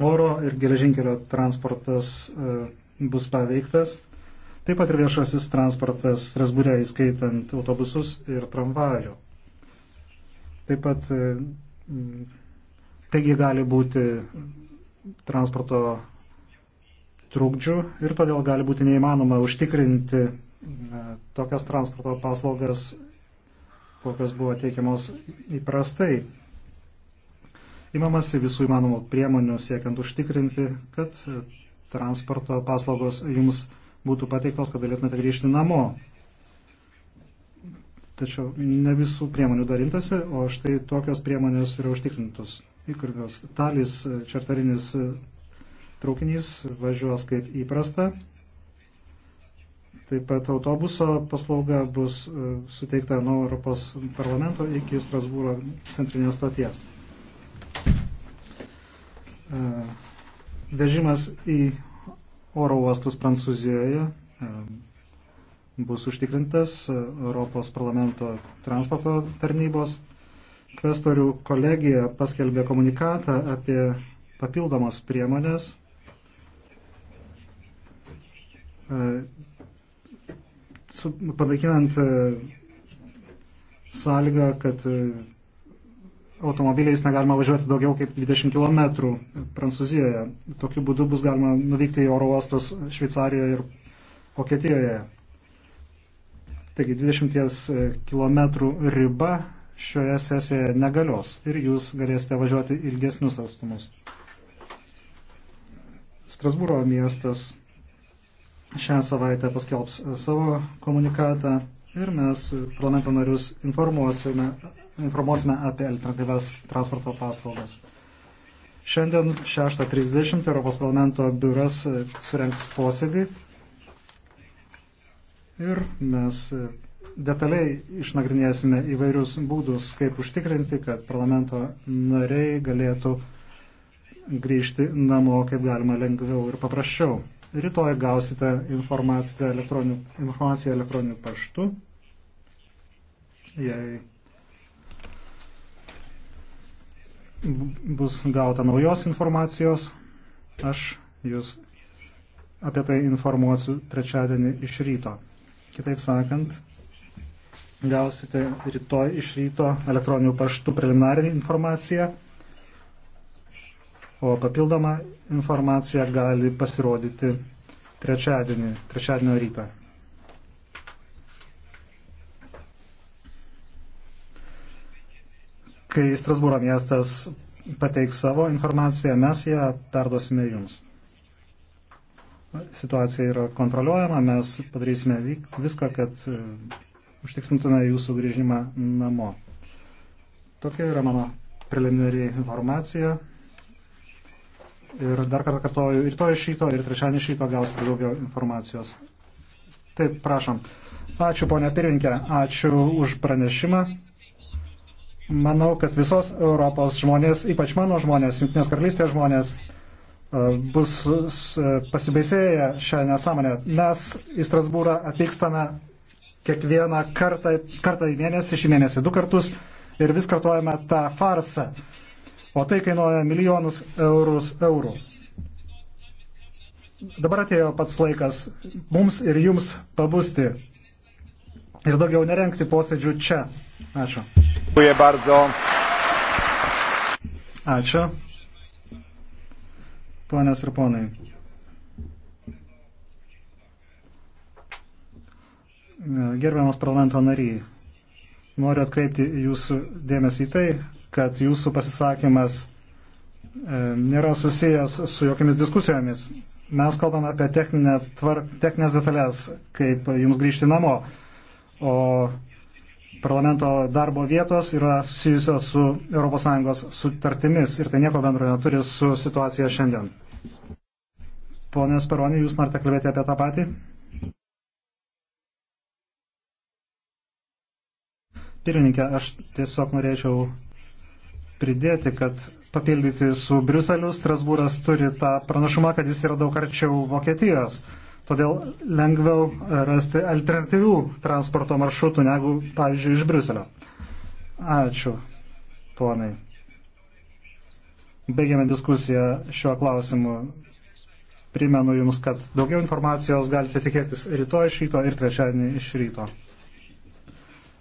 oro ir geležinkelio transportas e, bus paveiktas. Taip pat ir viešasis transportas Strasbūrė, įskaitant autobusus ir tramvajų. Taip pat e, taigi gali būti transporto trukdžių ir todėl gali būti neįmanoma užtikrinti e, tokias transporto paslaugas, kokios buvo teikiamos įprastai imamasi visų įmanomų priemonių siekiant užtikrinti, kad transporto paslaugos jums būtų pateiktos, kad galėtumėte grįžti namo. Tačiau ne visų priemonių darintasi, o štai tokios priemonės yra užtikrintos. Įkurgios talis e, čertarinis e, traukinys važiuos kaip įprasta. Taip pat autobuso paslauga bus e, suteikta nuo Europos parlamento iki Strasbūro centrinės stoties. E, vežimas į oro uostus Prancūzijoje e, bus užtikrintas Europos parlamento transporto tarnybos. Kvestorių kolegija paskelbė komunikatą apie papildomas priemonės e, panaikinant sąlygą, kad automobiliais negalima važiuoti daugiau kaip 20 km Prancūzijoje. Tokiu būdu bus galima nuvykti į oro uostus Šveicarijoje ir Vokietijoje. Taigi 20 e, km riba šioje sesijoje negalios ir jūs galėsite važiuoti ilgesnius atstumus. Strasbūro miestas šią savaitę paskelbs savo komunikatą ir mes parlamento narius informuosime informuosime apie alternatyves transporto paslaugas. Šiandien 6.30 Europos parlamento biuras e, surenks posėdį ir mes e, detaliai išnagrinėsime įvairius būdus, kaip užtikrinti, kad parlamento nariai galėtų grįžti namo kaip galima lengviau ir paprasčiau. Rytoj gausite informaciją elektroniniu, informaciją elektroniniu paštu. Jei bus gauta naujos informacijos. Aš jūs apie tai informuosiu trečiadienį iš ryto. Kitaip sakant, gausite rytoj iš ryto elektroninių paštų preliminarinį informaciją, o papildoma informacija gali pasirodyti trečiadienį, trečiadienio rytą. Kai Strasbūro miestas pateiks savo informaciją, mes ją perduosime jums. Situacija yra kontroliuojama, mes padarysime viską, kad e, užtikrintume jūsų grįžimą namo. Tokia yra mano preliminari informacija. Ir dar kartą kartoju, ir to iš ryto, ir trečiadienį iš ryto gausite daugiau informacijos. Taip, prašom. Ačiū, ponia pirminkė, ačiū už pranešimą. Manau, kad visos Europos žmonės, ypač mano žmonės, Junktinės karalystės žmonės, e, bus e, pasibaisėję šią nesąmonę. Mes į Strasbūrą atvykstame kiekvieną kartą, kartą į mėnesį, šį mėnesį du kartus ir vis kartuojame tą farsą. O tai kainuoja milijonus eurus, eurų. Dabar atėjo pats laikas mums ir jums pabusti ir daugiau nerenkti posėdžių čia. Ačiū. Ačiū. Ponios ir ponai. Gerbiamas parlamento nariai, noriu atkreipti jūsų dėmesį į tai, kad jūsų pasisakymas e, nėra susijęs su jokiamis diskusijomis. Mes kalbame apie techninę tvar, techninės detalės, kaip jums grįžti namo. O parlamento darbo vietos yra susijusios su ES sutartimis ir tai nieko bendro neturi su situacija šiandien. Pone Speronė, jūs norite kalbėti apie tą patį? Pirmininkė, aš tiesiog norėčiau pridėti, kad papildyti su Briuseliu, Strasbūras turi tą pranašumą, kad jis yra daug arčiau Vokietijos. Todėl lengviau rasti alternatyvių transporto maršrutų negu, pavyzdžiui, iš Briuselio. Ačiū, ponai. Baigiame diskusiją šiuo klausimu. Primenu Jums, kad daugiau informacijos galite tikėtis rytoj iš ryto ir trečiadienį iš ryto.